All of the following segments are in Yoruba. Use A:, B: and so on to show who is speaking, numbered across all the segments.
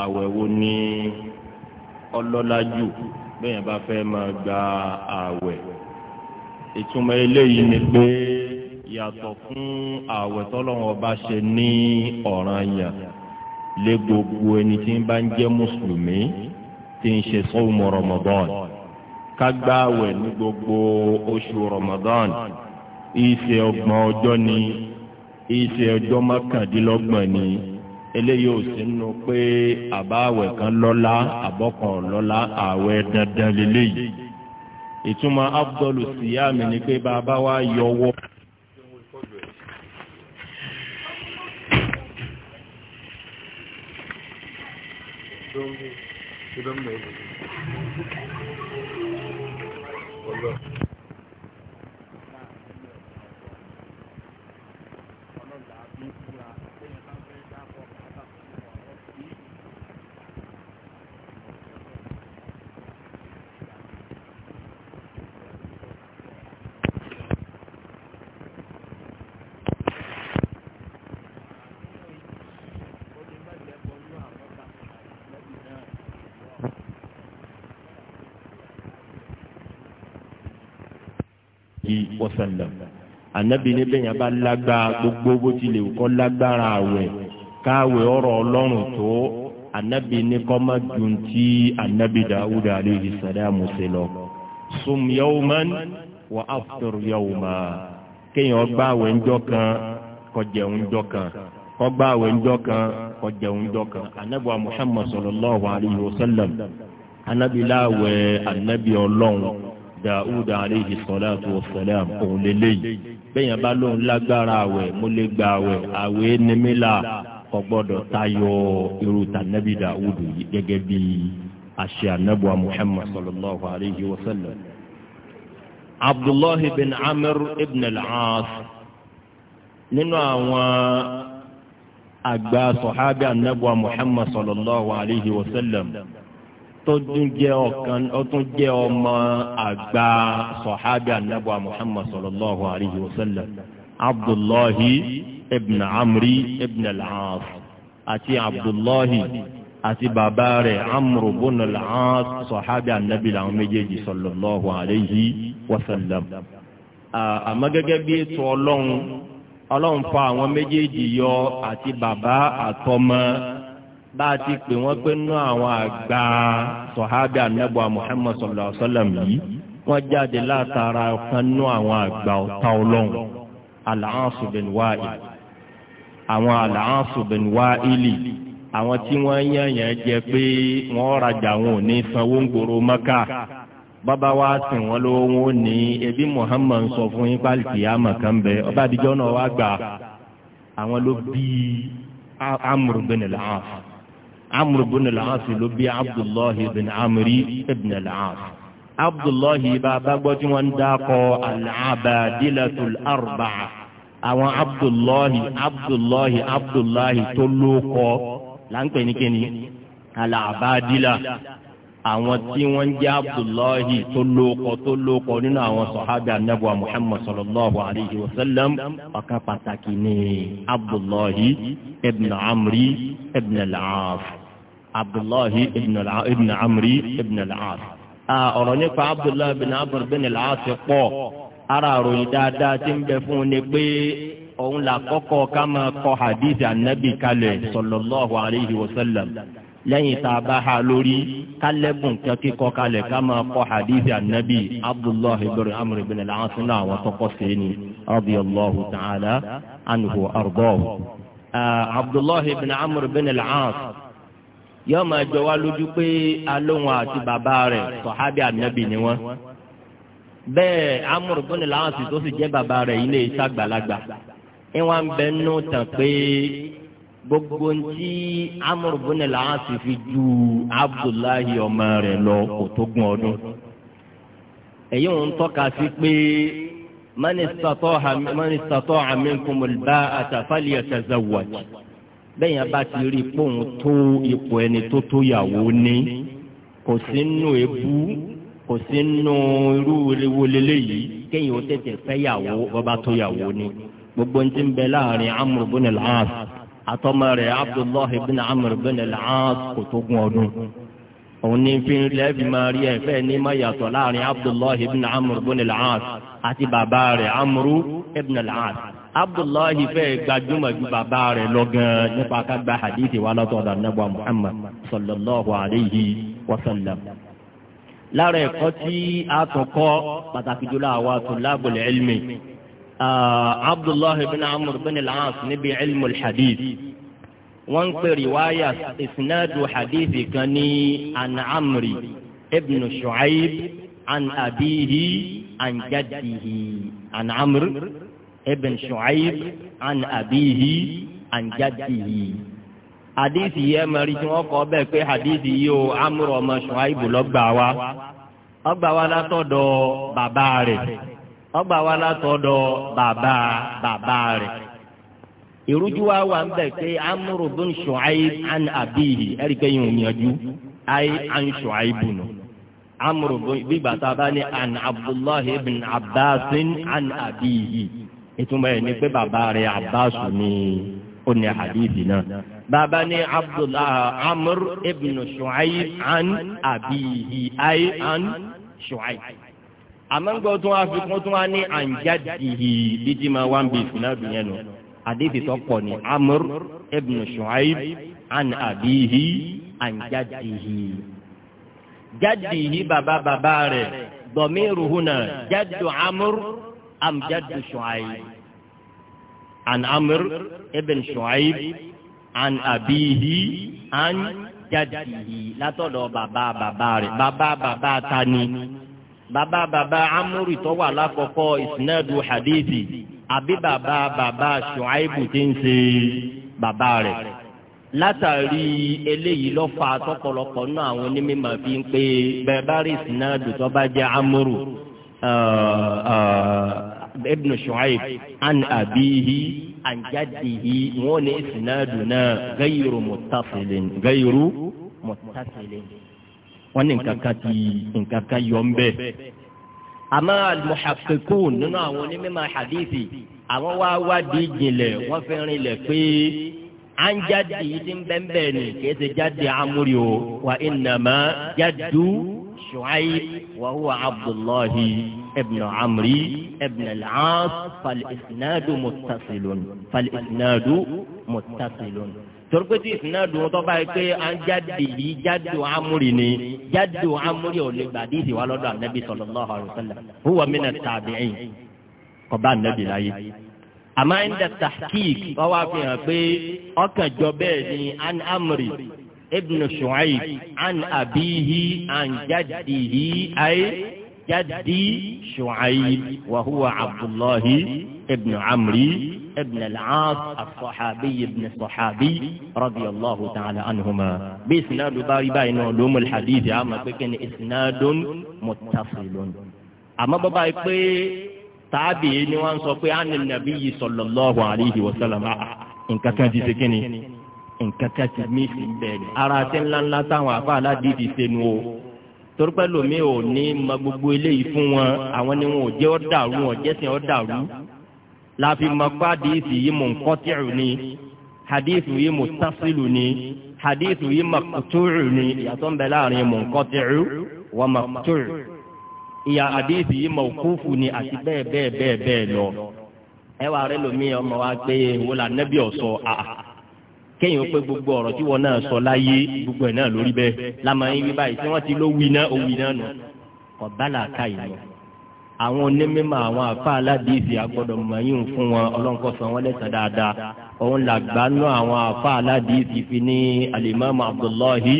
A: àwẹ̀ wo ni ọlọ́lá jù bẹ́ẹ̀ bá fẹ́ máa gba àwẹ̀ ìtumọ̀ eléyìí ni pé
B: yàtọ̀ fún
A: àwẹ̀ tọ́lọ́wọ́n bá ṣe ní ọ̀ranyàn lé gbogbo ẹni tí ń bá ń jẹ́ mùsùlùmí tí ń ṣe sọ́wọ́mọ Ramadan
B: ká gba àwẹ̀
A: ní gbogbo oṣù Ramadan ìṣe ọgbọ̀n ọjọ́ ni ìṣe ọjọ́ mọ́kàndínlọ́gbọ̀n ni eléyìí ò sí nínú pé àbáwẹ̀ kan lọ́lá àbọ̀kan lọ́lá àwẹ̀ dandan lélẹ́yìí
B: ìtumọ̀ afdọ́lù
A: síyá ni pé bàbá wa yọwọ́. wasallam anabi ní bẹ́ẹ̀ yẹn bá lágbára gbogbo bó tilẹ̀ kọ́ lágbára àwẹ̀ káwé ọ̀rọ̀ ọlọ́run tó anabi ní kọ́ má dùn tí anabi dawud aleyhi sàdámù sí lọ. sum man wa aftur yawma kéèyàn gba àwẹ̀ ńjọ́ kan kó jẹun ńjọ́ kan kó gba àwẹ̀ ńjọ́ kan kó jẹun ńjọ́ kan anabi wa muhammad sallallahu alayhi wa sallam anabi láwẹ̀ anabi ọlọ́run dàúdà aleyhi sọláàtù wasalam òun lélẹ́yìí bẹ́yẹn bá lóun lágbára àwẹ̀ mo lè gba àwẹ̀ àwẹ̀ nímílà kò gbọ́dọ̀ tayọ irú tànẹ́bí dàúdù yìí gẹ́gẹ́ bí àṣẹ ànábùwà muhammad sallallahu alayhi wa sallam. abdullahi bin amr ibn al-aas nínú àwọn àgbà sọ̀hábì ànábùwà muhammad sallallahu alayhi wa tó tún jẹ́ ọ̀kan ó tún jẹ́ ọmọ àgbà sọ̀hábì anábọ̀ muhammad sallallahu alayhi wa sallam abdullahi ibn amri ibn al-aas àti abdullahi àti bàbá rẹ̀ amru ibn al-aas sọ̀hábì anábì làwọn méjèèjì sallallahu alayhi wa sallam. àmọ́ gẹ́gẹ́ bí ètò ọlọ́run ọlọ́run fa àwọn méjèèjì yọ àti bàbá àtọmọ bá a ti pè wọ́n pé nú àwọn àgbà sọ̀hábì anábọ̀ Muhammad sallallahu alaihi wasallam yìí wọ́n jáde látara kan nú àwọn àgbà ọ̀tá ọlọ́run Al-Aas bin Wa'il àwọn Al-Aas bin Wa'ili àwọn tí wọ́n yẹ̀yẹ̀ jẹ pé wọ́n rajà wọn ò ní sanwó ń gbòòrò Mẹ́kà bàbá wa sìn wọ́n lówó wọn ò ní ebi Muhammad sọ fún yín pálíkì kan bẹ ọba àdìjọ́ náà wá gbà àwọn ló bí Amr bin al amr ibn al-aas ló bí abdullahi ibn amri ibn al-aas abdullahi bàbá gbọ́ tí wọ́n ń dákọ̀ al-abadilatul arba'a àwọn abdullahi abdullahi abdullahi tó lóko là ń pè ní kíni al-abadila àwọn tí wọ́n ń jẹ́ abdullahi tó lóko tó lóko nínú àwọn sọ̀hábì anábùwà muhammad sallallahu alayhi wa sallam ọ̀kan pàtàkì ní abdullahi ibn amri ibn al abdullahi ibn amri ibn al-aas ọ̀rọ̀ nípa abdullahi ibn amri ibn al-aas pọ̀ ara àròyìn dáadáa ti ń bẹ fún un ni pé òun là kọ́kọ́ ká máa kọ hadith anabi kalẹ̀ sallallahu alayhi wa sallam lẹ́yìn tá a bá ha lórí kálẹ́bùn kan kíkọ kalẹ̀ ká máa kọ hadith anabi abdullahi ibn amr ibn al-aas náà àwọn tọkọ sẹ́ni radiyallahu ta'ala anhu ardahu abdullahi ibn amr ibn al yóò máa jọ wá lójú pé alóhùn àti bàbá rẹ̀ sọ̀hábì ànábì ni wọ́n bẹ́ẹ̀ amúrò bọ́ni làwọn sì tó sì jẹ́ bàbá rẹ̀ yìí lè ṣàgbàlagbà ìwọ̀n ń bẹ nù tàn pé gbogbo ntí amúrò bọ́ni làwọn sì fi ju abdullahi ọmọ rẹ̀ lọ kò tó gùn ọdún èyí ń tọ́ka sí pé man istata'a minkumul ba'ata falyatazawwaj bẹ́ẹ̀ yẹn bá ti rí ipò òun tó ipò ẹni tó tó yàwó ní kò sí nù ebú kò sí nù irú wọlélẹ́ yìí kéèyàn ó tètè fẹ́ yàwó bọ́bá tó yàwó ní gbogbo ntí ń bẹ láàrin amúrú bó ní làás àtọmọ rẹ abdullahi bin amúrú bó ní làás kò tó gún ọdún òun ní fi lẹ́ẹ̀fì máa rí ẹ̀fẹ́ ní má yàtọ̀ láàrin abdullahi bin amúrú bó ní làás àti bàbá rẹ amúrú ibn làás abdullahi fẹ́ gbajúmọ̀ ju bàbá rẹ̀ lọ gan nípa ká gba hadithi wa látọ̀dọ̀ anábọ̀ muhammad sallallahu alayhi wa sallam. lára ẹ̀kọ́ tí a tún kọ́ pàtàkì jùlọ àwa tulabul ilmi abdullahi bin amr bin al-as níbi ilmu hadith wọ́n ń pè riwaya isnadu hadithi kan ní an ibn shu'aib an abihi an jaddihi an ibn Shu'aib an abihi an
B: jaddihi
A: hadithi yẹ mẹ́rin tí wọ́n kọ́ bẹ́ẹ̀ pé hadithi yìí o amúrò ọmọ Shu'aib lọ́gbà wa ọgbà wa látọ̀dọ̀ bàbá rẹ̀ ọgbà wa látọ̀dọ̀ bàbá bàbá rẹ̀ ìrújú wa wà ń bẹ̀ pé amúrò bin Shu'aib an abihi ẹ̀rí pé yìí ò yanjú ayé an Shu'aib bùnú amúrò bí bàtà bá ní an Abdullahi bin Abbasin an abihi ìtumọ̀ ẹ̀ ni pé bàbá rẹ̀ abbasu ni ó ní hadithi náà. bàbá ní abdullah amr ibn shu'aib an abiyihi ay an shu'aib. àmọ́ngbọ́ tún wá fikún tún wá ní anjadihi dídí máa wá ń bí ìfúnná dùn yẹn nù. hadithi tó pọ̀ ní amr ibn shu'aib an abiyihi anjadihi. jadihi bàbá bàbá rẹ̀ dọ̀míruhu náà jaddu amr am jaddu shu'aib. عن عمرو ابن شعيب عن أبيه عن جده látọ̀dọ̀ bàbá bàbá rẹ̀ bàbá bàbá tani bàbá bàbá amúrì tó wà lákọ̀ọ́kọ́ ìsìnàdù hadithi àbí bàbá bàbá ṣùáìbù tí ń ṣe bàbá rẹ̀ látàrí eléyìí ló fà tọ̀pọ̀lọpọ̀ náà àwọn onímọ̀ fi ń pé bẹ́ẹ̀ bá rí ìsìnàdù tó bá jẹ́ amúrù ibn shu'aib an abihi an jaddihi wọ́n ní ìsìnàdù náà gayru muttasilin gayru muttasilin wọ́n ní nǹkan kan ti nǹkan kan yọ ń bẹ́ẹ̀ àmọ́ almuhaqqiqun nínú àwọn onímọ̀ hadithi àwọn wá wádìí jìnlẹ̀ wọ́n fi rinlẹ̀ pé à ń jáde yìí ti ń bẹ́ńbẹ́ ni kìí ṣe jáde amúri o wa innama jaddu shu'aib wa huwa abdullahi ابن عمري ابن العاص فالإسناد متصل فالإسناد متصل torpeti isnadu tó bá yẹ pé an jáde yìí jáde amúri ni jáde amúri ò lè gbà díìsì wa lọ́dọ̀ anabi sallallahu alaihi wasallam huwa mina tabi'in kò bá anabi láyé àmọ́ inda tahqiq wọ́n wá fi hàn pé ọkàn jọ bẹ́ẹ̀ ni an amri ibn shu'aib an abihi an jaddihi ayé jaddi shu'aib wa huwa abdullahi ibn amri ibn al-aas as-sahabi ibn as-sahabi radiyallahu ta'ala anhuma bí isnadu bá rí báyìí náà lómul hadith àmọ́ pé kí ni isnadun muttasilun àmọ́ bàbá yìí pé tàbí ni wọ́n sọ pé àná nàbí yìí sallallahu alayhi wa sallam nǹkan kan ti ṣe kí ni nǹkan kan ti mí sí bẹ́ẹ̀ ni ara ti ńláńlá táwọn àfa aládìí ti ṣe nu o torí pé lomi ò ní ma gbogbo eléyìí fún wọn àwọn ni wọn ò jẹ́ ọ̀dàrú wọn jẹ́sìn ọ̀dàrú láfi ma kó àdìsí yìí mò ń kọ́ tìrù ni àdìsí yìí mò tásìlù ni àdìsí yìí mà kùtùrù ni ìyàtọ̀ ń bẹ láàrin mò ń kọ́ tìrù wọ́n kùtùrù ìyà àdìsí yìí mò kúfù ni àti bẹ́ẹ̀ bẹ́ẹ̀ bẹ́ẹ̀ lọ ẹ rẹ lomi ọmọ wa gbé wọlé anabi ọ̀sọ́ àà kéèyàn pé gbogbo ọ̀rọ̀ tí wọn náà sọ láyé gbogbo ẹ̀ náà lórí bẹ́ẹ̀ lamọ̀yìn wí báyìí tí wọ́n ti ló wí náà ó wí náà nù ọ̀bá làákà yìí lọ. àwọn onímọ̀ àwọn àfa aládìsí agbọ́dọ̀ mọ̀yìn fún wọn ọlọ́nkọ́ san wọ́n lẹ́sàn dáadáa òun làgbà nù àwọn àfa aládìsí fi ní alimami abdullahi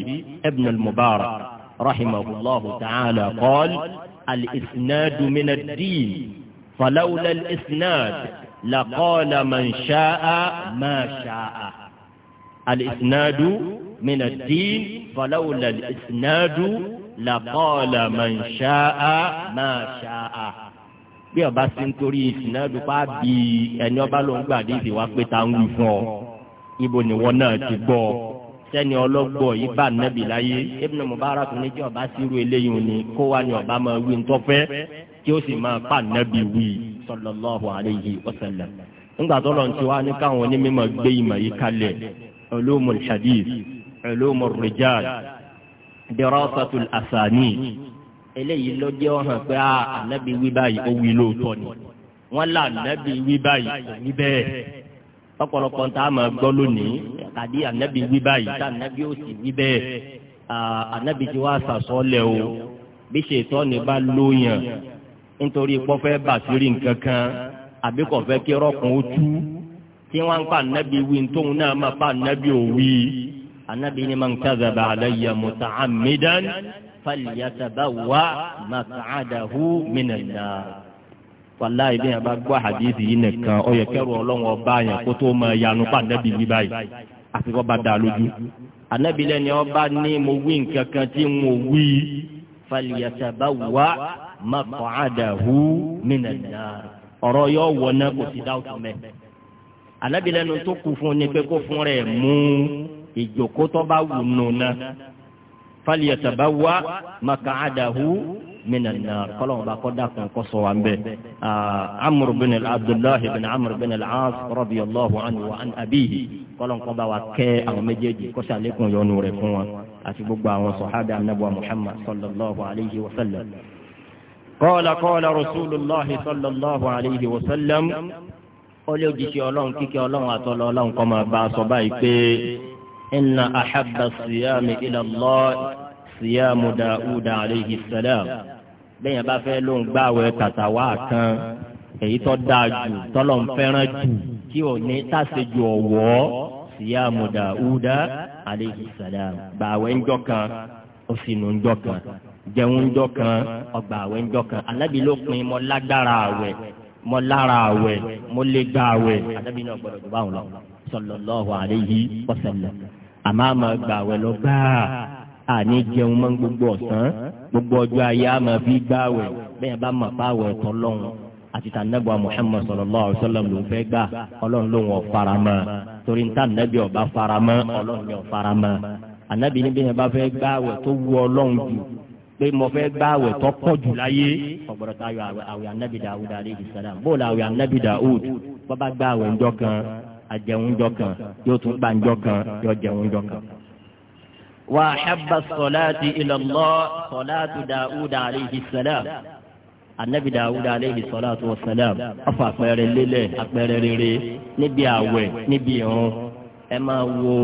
A: ibn mubarak rahimahullahu ta'ala qol al-isnadu min ad-din falawla al alìsínádù mina dín falawla alìsínádù làkọ́ọ̀là man ṣáá máa ṣáá. bí ọba sí ń torí ìsínádù bá bí ẹni ọba ló ń gbàdé ìsìnwá pé ta ń wí fún ọ ibo ni wọn náà ti gbọ́ ọ sẹ́ni ọlọ́gbọ́ yìí bá nẹ́bí láyé Ibn Mubarak ní tí ọba sírú eléyìí ni kó wá ní ọba máa wí ntọ́fẹ́ tí ó sì máa bá nẹ́bí wí sallallahu alayhi wa sallam. ńgbà tó lọ́n ti wá ní káwọn onímọ̀ gbé ìmọ̀ yìí kalẹ̀ علوم الحديث علوم الرجال دراسة الأسانيد eléyìí ló jẹ́ ọ̀hàn pé a ànábi wí báyìí ó wí lóòótọ́ ni wọ́n là ànábi wí báyìí kò wí bẹ́ẹ̀ ọ̀pọ̀lọpọ̀ tá a máa gbọ́ lónìí tàbí ànábi wí báyìí tá ànábi ó sì wí bẹ́ẹ̀ ànábi ti wá sàsọ́lẹ̀ o bí ṣètọ́ ni bá lóyàn nítorí pọ́fẹ́ bàtírí nǹkan kan àbí kò fẹ́ kí rọ́kùn ó tú tí wọ́n ń pa ànábì wí tóun náà máa pa ànábì òwì ànábì ni man kadhaba alayya muta'ammidan falyatabawwa maq'adahu minan nar. wàláyé bí yẹn bá gbọ́ àdéhìí yìí nìkan ó yẹ kẹ́rù ọlọ́run ọba yẹn kó tó máa yanu pa ànábì wí báyìí àti kó bá dá lójú. ànábì lẹ́ni ọba ní mo wí nǹkan tí mo wí falyatabawwa maq'adahu minan nar. ọ̀rọ̀ yóò wọ náà kò sí dáwọ́ tó mẹ́ anabi lẹnu tó kù fún ni pé kó fún rẹ mú ìjòkó tó bá wù nù náà falyatabawa maq'adahu minan nar kọlọn ba kọ da kun kọsọ wa bẹ ah, amur bin abdullahi bin amur bin al-as radiyallahu anhu wa an abihi kọlọn kọ ba wa kẹ́ àwọn méjèèjì kọsẹ ale kun yọnu rẹ̀ fún wa àti gbogbo àwọn sọhabi anabuwa muhammad sallallahu alayhi wa sallam. قال قال رسول الله صلى الله عليه وسلم ọlẹ́ òjíṣẹ́ ọlọ́run kíkẹ́ ọlọ́run àtọ́lọ́ ọlọ́run kọ́ máa bá a sọ báyìí pé inna ahabba siyami ila Allah siyamu Dawuda alayhi salam bẹ́ẹ̀ yẹn bá fẹ́ ló ń gbààwẹ̀ tàtàwá kan èyí tó dáa jù tọ́lọ̀ ń fẹ́ràn jù kí ò ní tàṣejù ọ̀wọ́ siyamu Dawuda alayhi salam gbààwẹ̀ ńjọ́ kan ó ńjọ́ kan jẹun ńjọ́ kan ọgbààwẹ̀ ńjọ́ kan alábìlópin mọ́ lágbára àwẹ̀ mo lára àwẹ̀ mo lè gba àwẹ̀ ànábì náà gbọ́dọ̀ tó bá wọn lọ sallallahu alayhi wa àmọ́ àmọ́ gba àwẹ̀ lọ gbáà àní jẹun mọ́ gbogbo ọ̀sán gbogbo ọjọ́ ayé àmọ́ fi gba àwẹ̀ bẹ́ẹ̀ bá mọ̀ pa àwẹ̀ tọ́ lọ́hùn àti tànàbọ̀ Muhammad sallallahu alayhi sallam ló ń fẹ́ gbà ọlọ́run ló ń wọ̀ faramọ́ torí ń tànàbí ọba faramọ́ ọlọ́run
B: yóò faramọ́
A: pé mo fẹ́ gba àwẹ̀ tó pọ̀ jù láyé ọ̀gbọ̀dọ̀ tó ayọ̀ àwẹ̀ anabi dawud aleyhi salam bó la àwẹ̀ anabi dawud bó bá gba àwẹ̀ ńjọ́ kan àjẹunjọ́ kan yóò tún gba ńjọ́ kan yóò jẹunjọ́ kan. wa habba salati ila Allah salatu dawud aleyhi salam anabi dawud aleyhi salatu wa salam ọfọ àpẹẹrẹ lélẹ̀ àpẹẹrẹ rere níbi àwẹ̀ níbi ìrun ẹ máa wo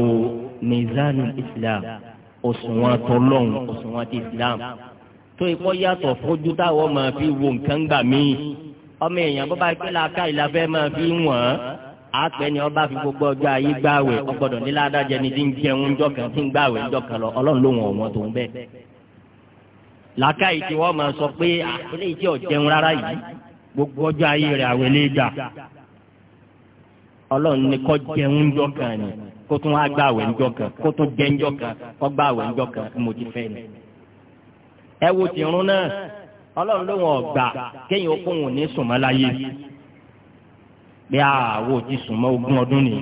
A: mizanul islam. islam òṣùwọ̀n tọlọ́hún òṣùwọ̀n ti islam tó ikọ́ yàtọ̀ fojú táwọn máa fi wo nǹkan gbà míì ọmọ èèyàn bó bá gbé làákà ìlàfẹ́ máa fi wọ̀n àpẹ ni ọba fi gbogbo ọjọ́ ayé gbààwẹ̀ ọgbọ́dọ̀ nílá adájẹ́ ni ti ń jẹun ńjọ́ kan ti ń gbààwẹ̀ ńjọ́ kan lọ ọlọ́run ló wọ̀n wọ́n tó ń bẹ́ẹ̀. làákà yìí tí wọ́n máa sọ pé àpẹlẹ ìjẹ́ ọ̀jẹun rárá yìí gbogbo ọjọ́ ayé rẹ̀ àwẹ̀lẹ́ dà ọlọ́run ni kọ́ jẹun ńjọ́ kan ni kó tún wá gbààwẹ̀ ńjọ́ kan kó tún jẹ ńjọ́ kan kó gbààwẹ̀ ńjọ́ kan mo ti fẹ́ ni. ẹ wo tìrún náà ọlọ́run ló wọn gbà kéèyàn ó kóhun ní sùnmọ́ láyé bí àwọ̀ ti sùnmọ́ ogún ọdún ni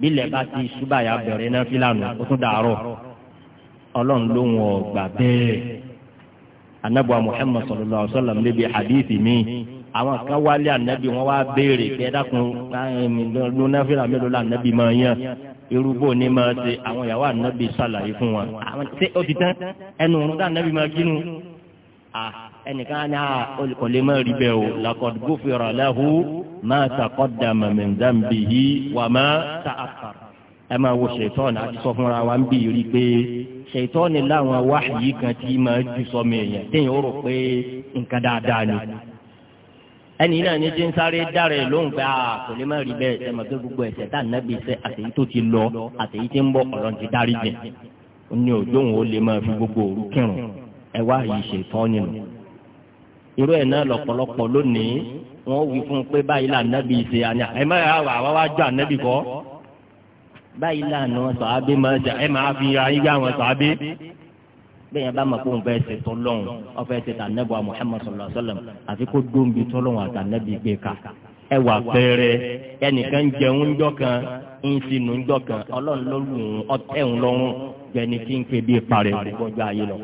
A: bílẹ̀ bá ti ṣúbàyà bẹ̀rẹ̀ náà fílànà ó tún dàárọ̀ ọlọ́run ló wọn gbà bẹ́ẹ̀ anábọ̀ Muhammad sallallahu alaihi wasallam níbi hadithi mi àwọn kan wálé ànábì wọn wá béèrè pé dákun lónàfíà mélòó la ànábì máa yàn irúgbó ni máa ṣe àwọn ìyàwó ànábì ṣàlàyé fún wọn. àwọn ṣé ó ti tán ẹnu òun tá ànábì máa kínú. ẹnìkan ní olùkọ́ lè má rí bẹ́ẹ̀ o laqad ghufira lahu ma taqaddama min dhanbihi wa ma ta'akhkhara. ẹ máa wo ṣètọ́ọ̀nù àti sọ fúnra wa ń bì rí pé ṣètọ́ọ̀nù láwọn wáyé kan tí máa jù sọmọ èèyàn téèyàn rò pé nǹkan dáadáa ni. ẹni náà ní ti ń sáré dára lóhùn pé a ah, kò lè má rí bẹ́ẹ̀ ṣe mọ̀ gbé gbogbo ẹ̀ṣẹ̀ tá nàbí iṣẹ́ àtẹ̀yí tó ti lọ àtẹ̀yí tí ń bọ̀ ọ̀rọ̀ ti dárí jẹ̀ ó ní ó lè máa fi gbogbo òru kírun ẹ wá yìí ṣe tán nínú. irú ẹ̀ náà lọ̀pọ̀lọpọ̀ lónìí wọ́n wí fún un pé báyìí là nàbí àní ẹ má yà wà wá wá jọ ànábì kọ́ báyìí là bẹ́ẹ̀ yẹn bá mọ̀ pé òun fẹ́ẹ́ ṣe tọ́lọ́hún ọ̀fẹ́ ṣe tànẹ́bù wa Muhammad sallallahu alaihi wasallam àfi kó dóńbi tọ́lọ́hún àtànẹ́bì gbé ka ẹ wà pẹ́ẹ́rẹ́ ẹnìkan jẹun ńjọ́ kan ń sinú ńjọ́ kan ọlọ́run ló lù ú ọtẹ́ ń lọ́rùn gbẹni tí ń pe bí parẹ́ gbọ́jọ́ ayé lọ.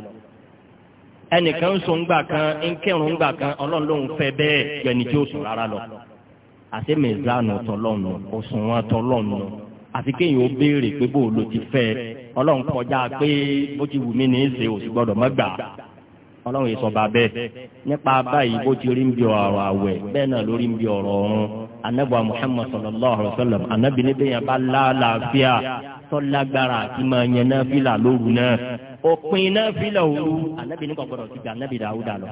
A: ẹnìkan ń sùn ńgbà kan ń kírun ńgbà kan ọlọ́run ló ń fẹ́ bẹ́ẹ̀ gbẹni tí ó sùn rárá lọ. àti mẹ́zánù tọ́lọ́run àti kéèyàn ó béèrè pé bó ló ti fẹ́ ọlọ́run kọjá pé bó ti wù mí ní í ṣe òsì gbọ́dọ̀ má gbà ọlọ́run yìí sọba bẹ́ẹ̀ nípa báyìí bó ti rí ń bi ọ̀rọ̀ àwẹ̀ bẹ́ẹ̀ náà ló rí ń bi ọ̀rọ̀ ọ̀run anabu muhammad sallallahu alaihi wa sallam anabi ní bẹ́ẹ̀ yẹn bá láàlàáfíà tọ́lágbára àti máa yẹn náà fìlà lóru náà òpin náà fìlà òru anabi ní kò gbọdọ̀ ti gbà anabi dàwúdà lọ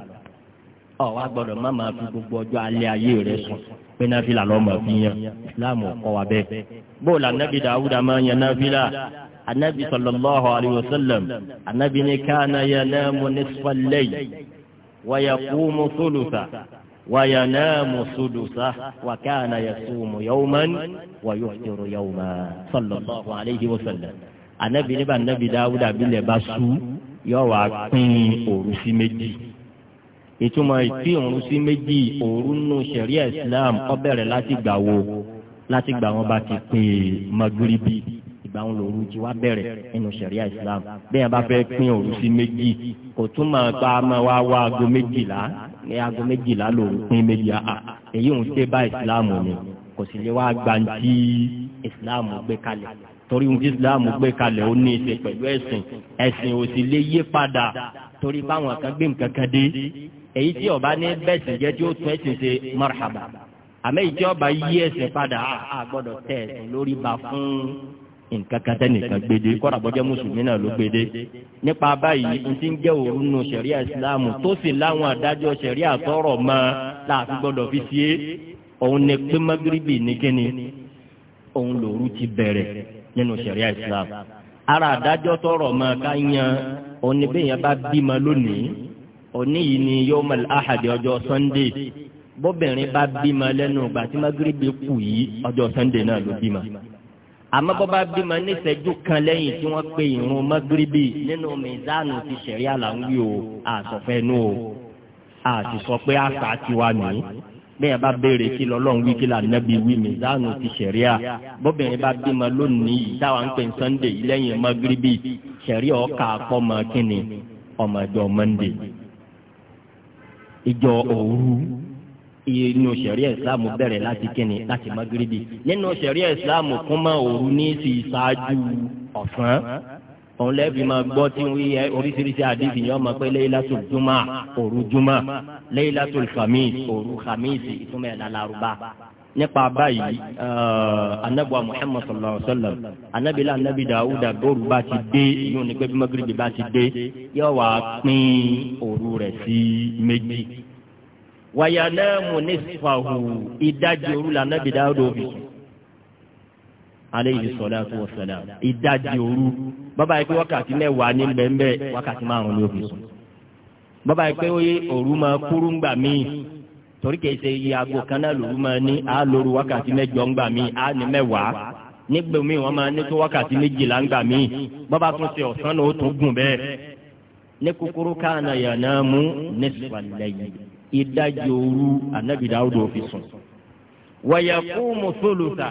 A: ọ wá gbọ́dọ̀ má máa fi gbogbo ọjọ́ alẹ́ ayé rẹ sùn pé náfìlà lọ́mọ fi yan islam ọkọ wa bẹ́ẹ̀. bó o la anabi dawuda máa ń yan náfìlà anabi sallallahu alayhi wa sallam anabi ni kana yanamu nisfa al-layl wa yaqumu thulutha wa yanamu sudusa wa kana yasumu yawman wa yuftiru yawman sallallahu alayhi wa sallam anabi ni bá anabi dawuda bí lè su yọ wá pín òru ìtumọ̀ ìpín òun sí méjì òru nù sẹ̀ríà islam ó bẹ̀rẹ̀ láti gbà wo láti gbà wọn bá ti pè é magiribi ìgbà wọn lòru ti wá bẹ̀rẹ̀ nínú sẹ̀ríà islam bẹ́ẹ̀ bá fẹ́ pín òru sí méjì kò túmọ̀ pa ama wá wá aago méjìlá ní aago méjìlá lòru pín méjì àà èyí òun ṣe bá islam ni kò sì lè wá gbàǹtí islam gbé kalẹ̀ torí ohun tí islam gbé kalẹ̀ ó ní ìṣe pẹ̀lú ẹ̀sìn ẹ̀sìn ò sì lè yé padà torí báwọn kan gbé nǹkan kan dé èyí tí ọba ní bẹ́sìn jẹ́ tí ó tún ẹ̀sìn ṣe marhaba àmọ́ èyí tí ọba yí ẹ̀sìn padà á gbọ́dọ̀ tẹ̀ ẹ̀sìn lórí ba fún nǹkan kan tẹ́nìkan gbede kọ́ra bọ́jẹ́ mùsùlùmí náà ló gbede nípa báyìí n ti ń jẹ́ òru nù sẹ̀ríà ìsìláàmù tó sì láwọn adájọ́ sẹ̀ríà tọrọ mọ́ láàfin gbọ́dọ̀ fi ṣe é òun ni pé magiribi ní kíni òun lòru ti bẹ̀rẹ̀ nínú sẹ̀ríà ìsìláàmù ara adájọ́ tọrọ mọ́ ká yan òun ni bẹ́ẹ̀ yẹn bá bímọ lónìí òní yìí ni yóò mọ̀ láhàdì ọjọ́ sunday bóbìnrin bá bímọ lẹ́nu ìgbà tí magrebi kù yìí ọjọ́ sunday náà ló bímọ àmọ́ bọ́ bá bímọ níṣẹ́jú kan lẹ́yìn tí wọ́n pe ìrun magrebi nínú mizanu ti sẹ̀rí àlàwí o àsọ̀fẹ́nu o àti sọ pé àṣà tiwa nìyí bẹ́ẹ̀ bá béèrè kí lọ́lọ́run wí kí là wí mizanu ti sẹ̀ríà bóbìnrin bá bímọ lónìí yìí táwa ń pè ní sunday lẹ́yìn magrebi sẹ̀rí ọ̀ka àpọ̀ kínni ọmọdé ọmọdé ìjọ òru inú sẹ̀ríà ìsìláàmù bẹ̀rẹ̀ láti kíni láti magrebi nínú sẹ̀ríà ìsìláàmù kún mọ́ òru ní ti ṣáájú ọ̀sán òun lẹ́bi máa gbọ́ tí wọ́n yẹ oríṣiríṣi àdìsí yẹn ọmọ pé léyìlátò juma òru juma léyìlátò khamis òru khamis ìtumọ̀ ẹ̀ lálárúbá nípa báyìí anabuwa uh, muhammad sallallahu alaihi wa sallam anabila anabi dawuda góòrù bá ti dé yóò ní pé bí magrebi bá ti dé yóò wá pín òru rẹ̀ sí méjì. wàyànà munisfahu ìdajì òru la anabi dawuda òbí aleyhi salatu wa salam ìdajì òru bàbá yìí pé wákàtí mẹ́wàá ní bẹ́ẹ̀ bẹ́ẹ̀ wákàtí márùn-ún ní òbí sùn bàbá yìí pé òru máa kúrú ń gbà míì torí kìí ṣe iye aago kan náà lòlú máa ní a lóru wákàtí mẹ́jọ ń gbà mí á ní mẹ́wàá nígbà míì wọ́n máa ní tó wákàtí méjìlá ń gbà mí bọ́ba tún ṣe ọ̀sán náà ó tún gùn bẹ́ẹ̀. ní kúkúrú káàna yànnà mú nísìlẹ̀yìn ìdajì òru ànábì Dáúdù òfin sùn. wọ̀yẹ̀ kú mùsùlùmí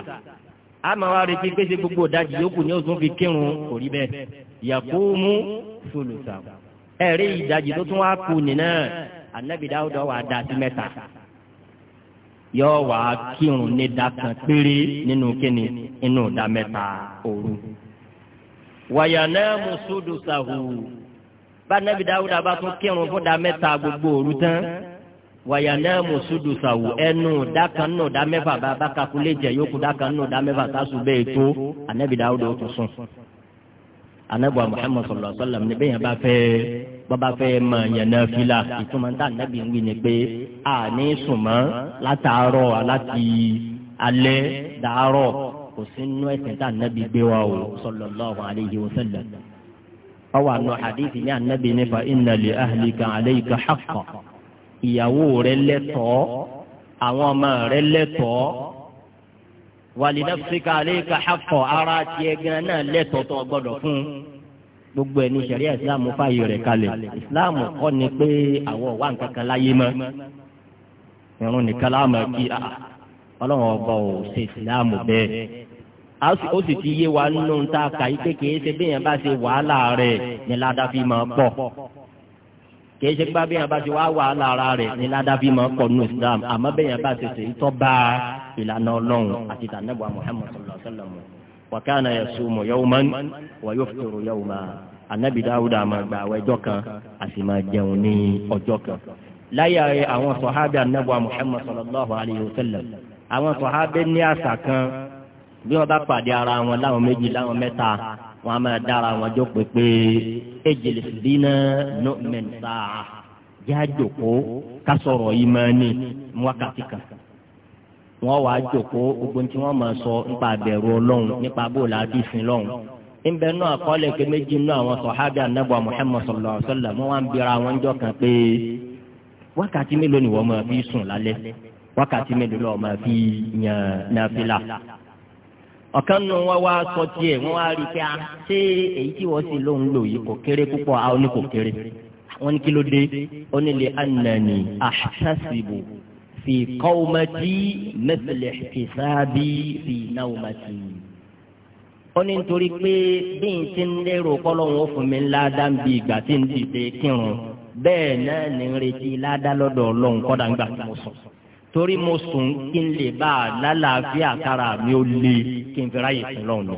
A: àmọ́ wa retí pé gbogbo ìdajì yòókù ni ó tún fi kírun kò bẹ́ẹ̀ yàkú mú mùsùlùmí. ẹ̀rí ìdajì tó tún wá kù nìyẹn ànábì Dáúdù wà dá sí mẹ́ta yọ wá kírun ní dákan péré nínú kíni inú ìdá mẹ́ta òru. wàyànà mùsùlùmí sàhù bá nàbí dáwúdà bá tún kírun fún ìdá mẹ́ta gbogbo òru tán wàyànà mùsùlùmí sàwù ẹnu dákan nù dá mẹ́fà bá bá kakulé jẹ yókù dákan nù dá mẹ́fà sásù bẹ́ẹ̀ tó ànábì Dáúdà ó tún sùn anabu muhammad sallallahu alaihi wa sallam ni bẹ́ẹ̀ yẹn bá fẹ́ bàbá fẹ́ mọ yànnà fila ìtumọ̀ ntá nàbí wí ni pé a ní sùnmọ́ látàárọ̀ aláti alẹ́ dàárọ̀ kò sí nínú ẹ̀sìn tá nàbí gbé wa o sallallahu alaihi wa sallam. ọwọ́ àná hadithi ní anabi nípa inna ahlika alayka haqqan ìyàwó rẹ lẹ́tọ̀ọ́ àwọn ọmọ rẹ lẹ́tọ̀ọ́ wàlínàfíkà àlééka àpọ̀ ara tiẹ̀ e gan náà lẹ́tọ̀ọ̀tọ̀ gbọ́dọ̀ fún gbogbo ẹni sẹ̀ríà ìsìláàmù fààyè rẹ̀ kalẹ̀ ìsìláàmù kọ́ ni pé àwọn wà nǹkan kan láyé mọ́ irun nìkan láàmú kí ọlọ́run ọba ò ṣe ìsìláàmù bẹ́ẹ̀ ó sì ti yé wa nínú ta kàyí pé kìí ṣe bí yẹn bá ṣe wàhálà rẹ̀ ni ládàá fi máa pọ̀ kìí ṣe pé abẹ́yẹn bá ti wá wà lára rẹ̀ ní ládàbí máa ń pọ̀ nù islam àmọ́ bẹ́yẹn bá ti ṣe ìtọ́ bá ìlànà ọlọ́run àti tànàbà muhammed sallallahu alayhi wa sallam wa kana yasumu yawman wa yuftiru yawman anabi dawud a máa gba kan a máa jẹun ní ọjọ́ kan. láyà àwọn sọ̀hábì anabi muhammed sallallahu alayhi wa sallam àwọn sọ̀hábì ní àṣà kan bí wọ́n bá pàdé ara wọn láwọn méjì láwọn mẹ́ta wọn a máa dára wọn jọ pé pé ejele fìdínà no mẹ́ta yá jòkó ká sọ̀rọ̀ yìí máa ní wákàtí kan wọn wàá jòkó gbogbo tí wọn máa sọ nípa àbẹ̀rù Ọlọ́run nípa bóòlù àdìsìn lọ́run nbẹ nù àkọọ́lẹ̀ kẹ méjì nù àwọn sọhábì anabu Muhammad sallallahu alaihi wasallam wọn bira àwọn jọ kan pé wákàtí mélòó ni wọn máa fi sùn lálẹ́ wákàtí mélòó ni wọn máa fi yàn náfìlà ọ̀kan nù wọn wá sọ tiẹ̀ wọ́n wá rí i pé a ah, ṣé èyí tí wọ́n sì lóun lò yìí kò kéré púpọ̀ a ah, ní kò kéré wọ́n ní kí ló dé ó nílé anani ahtasibu fi qawmati mithla ihtisabi fi nawmati. ó ní nítorí pé bí n ti ń lérò kọ́lọ́hún fún mi ládàá bí ìgbà tí n dìde kírun bẹ́ẹ̀ náà ní ń retí ládàá lọ́dọ̀ ọlọ́run kọ́dà ń gbà tí mo torí mo sùn kí n lè bá a lálàáfíà kára mi ó le kí n fi ráyè fún lọ́nà.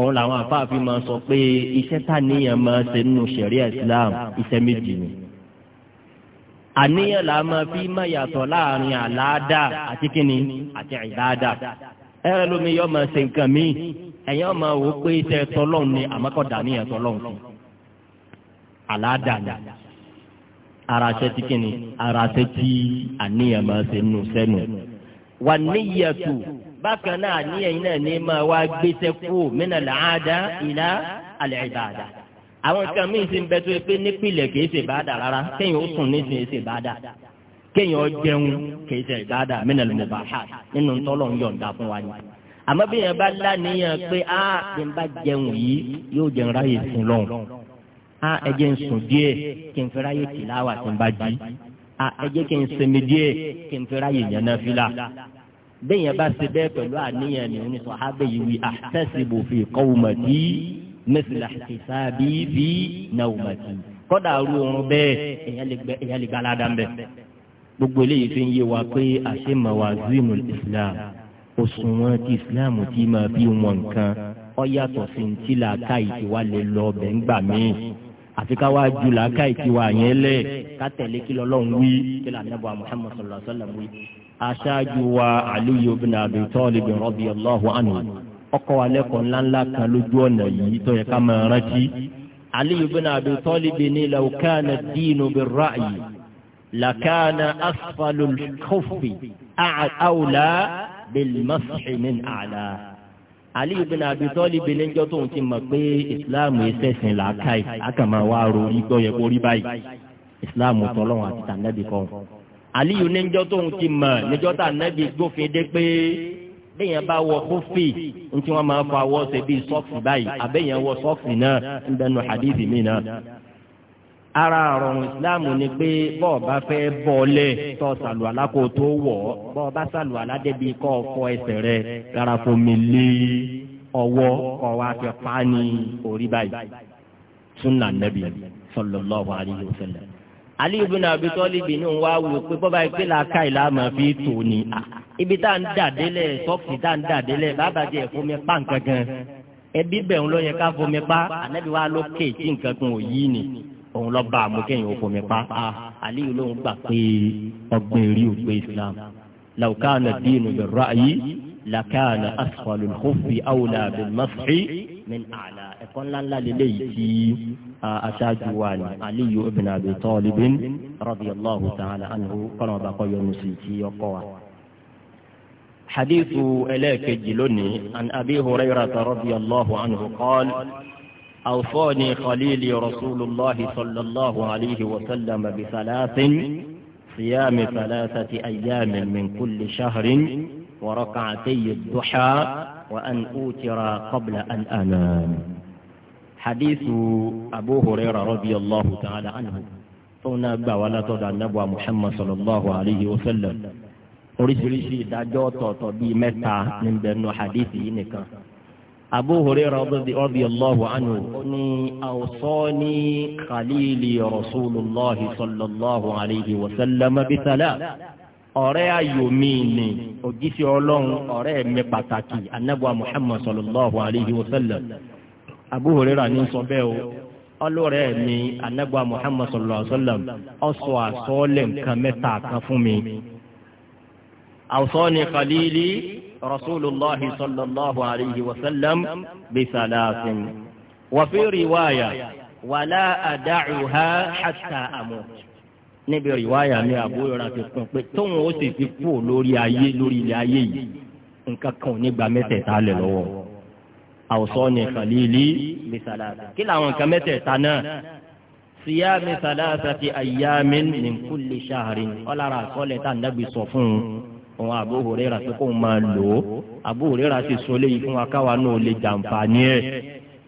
A: òun làwọn afáàfin máa sọ pé iṣẹ́ tàníyàn máa ṣe nínú ṣẹ̀ríà Islam iṣẹ́ méjì ni. àníyàn là máa fi máa yàtọ̀ láàrin àláàdà àti kíni àti ìdáàdà. ẹ̀rọ lómi yóò máa ṣe nǹkan míì ẹ̀yin ọmọ wò pé iṣẹ́ tọ́lọ́ọ̀ ni àmọ́kọ̀dá níyàn tọ́lọ́ọ̀ fún. àláàdà ni ara aṣẹ tí kìíní ara aṣẹ tí àníyàn máa ṣe nù sẹ́nu. wà níyàtù bákan náà àníyàn yìí náà ní máa wá gbéṣẹ́ kú mínà làádá ìlà àlẹ́ ìbàdà. àwọn kan míì sì ń bẹ tó yẹ pé nípìnlẹ̀ kìí ṣe ìbàdà rárá kéèyàn ó sùn nísìnyí ṣe ìbàdà kéèyàn jẹun kìí ṣe ìbàdà mínà lùmùbáhà nínú tọ́lọ̀ ń yọ̀ǹda fún wa ni àmọ́ bí yẹn bá láníyàn pé á bí bá jẹun yìí yóò a ẹjẹ ń sùn díẹ̀ kí n fẹ́ ráyè tìláwà tí n bá jí a ẹjẹ kí n sinmi díẹ̀ kí n fẹ́ ráyè yẹn náà fi la bẹ́ẹ̀ yẹn bá ṣe bẹ́ẹ̀ pẹ̀lú àníyàn ni oní sọ abẹ́ yìí wí ahtasibu fi qawmati mithla ihtisabi fi nawmati kọ́dà ru oorun bẹ́ẹ̀ èyàn lè gbalada ń bẹ̀. gbogbo eléyìí fi ń yé wa pé àṣẹ mawazinu islam òṣùwọ̀n ti islam ti máa fi wọn nǹkan ó yàtọ̀ sí ti làákàyè wa lè lọ bẹ́ẹ̀ ń gbà míì àfi ká wá ju làákà ìtiwà yẹn lẹ ká tẹ̀lé kí lọ́lọ́run wí kí lànàbọ̀ Muhammad sallallahu alaihi wasallam wí. aṣáájú wa Aliyu bin Abi Talib radiyallahu anhu ọkọ̀ wa lẹ́kọ̀ọ́ ńláńlá kan lójú ọ̀nà yìí tó yẹ ká máa rántí. Aliyu bin Abi Talib ní law kana ad-dinu bir-ra'yi lakana asfalul khuffi a'la bil-mashi min a'la ali ibn abi talib níjọ́ tóun ti mọ̀ pé islam ẹsẹ̀sìn làákàyè akàmà wa rori gbọ́yẹ kó rí báyìí islam tọ́lọ́wọ́n àti tànẹ́bì kan ali yìí níjọ́ tóun ti mọ̀ níjọ́ tànẹ́bì gbófin dé pé bẹ́yẹn bá wọ kófì ntí wọ́n máa fọ awọ́ ṣe bíi sọ́ọ̀kì báyìí àbẹ́yẹn wọ sọ́ọ̀kì náà ń bẹnu hadithi mi náà ara àrọ̀rùn islam ni pé bọ́ọ̀ bá fẹ́ bọ́ọ̀lẹ̀ tọ́ sàlù alákò tó wọ̀ ọ́ bọ́ọ̀ bá sàlù aládẹ́bí kọ́ ọ fọ ẹsẹ̀ rẹ rárá kò lé ọwọ́ kọ́ wa fẹ́ pa á orí báyìí sunna nabi sallallahu alayhi wa sallam. ali ibn abi talib ni òun wá wò pé bọ́ba ìpè làákà ìlà máa fi tò ní. ibi tá à ń dàdélẹ̀ sọ́ọ̀kì tá à ń dàdélẹ̀ bàbá jẹ́ ẹ̀fọ́ mi ẹbí bẹ̀rù ló ká fomi pa ànábi wa ló kéèké nǹkan kan ò yí ni òun lọ bá àmúkẹ́yìn òkú mi pa á ah, àlíyù lòun gbà pé ọgbẹ́ rí òpè islam làwùkánà dínú bẹ̀rọ ayé làkánà asfalu kófì àwòlà bẹ̀mọ́sì
B: min àlà ẹ̀kọ́
A: ńláńlá lélẹ́yìí tí aṣáájú wa ni aliyu ibn abi tọ́libin radiyallahu ta'ala anhu kọ́nà ọba kọ́ yọnu sí ti ọkọ wa. حديث إليك جلوني عن أبي هريرة رضي الله عنه قال أوصاني خليلي رسول الله صلى الله عليه وسلم بثلاث صيام ثلاثة أيام من كل شهر وركعتي الضحى وأن أوتر قبل أن أنام حديث أبو هريرة رضي الله تعالى عنه فهنا أبا ولا تدع النبوة محمد صلى الله عليه وسلم أريد ìdájọ́ ọ̀tọ̀ọ̀tọ̀ bíi mẹ́ta من بين حديثي نكا Abu Hurairah radiyallahu anhu ní awsani khalili rasulullahi sallallahu alayhi wa sallam bisala ọ̀rẹ́ ayò mi ni òjíṣẹ́ ọlọ́run ọ̀rẹ́ mi pàtàkì anábọ̀ muhammad sallallahu alayhi wa sallam Abu Hurairah ní sọ bẹ́ẹ̀ o ọlọ́rẹ́ mi anábọ̀ muhammad sallallahu alayhi wa sallam ọ̀sọ̀ àsọ̀ọ́lẹ̀ nǹkan mẹ́ta kan fún mi. awsani khalili. رسول الله صلى الله عليه وسلم بثلاث وفي رواية ولا أدعها حتى أموت níbi ìwáyà ni àbúrò ti kún pé tóun ó sì ti kú lórí ayé lórí ilé ayé yìí nǹkan kan ò ní gba mẹ́tẹ̀ẹ̀ta lẹ̀ lọ́wọ́ àwòsàn ní kàlílì mẹsàlásà kí làwọn nǹkan mẹ́tẹ̀ẹ̀ta náà síyá mẹsàlásà ti àyàmín min kulli shahrin ọlára àkọọ́lẹ̀ tá a nàbì sọ fún un òun Abu Huraira pé kóun máa lò ó Abu Huraira sì sọ léyìí fún wa káwa náà lè jàǹfààní ẹ̀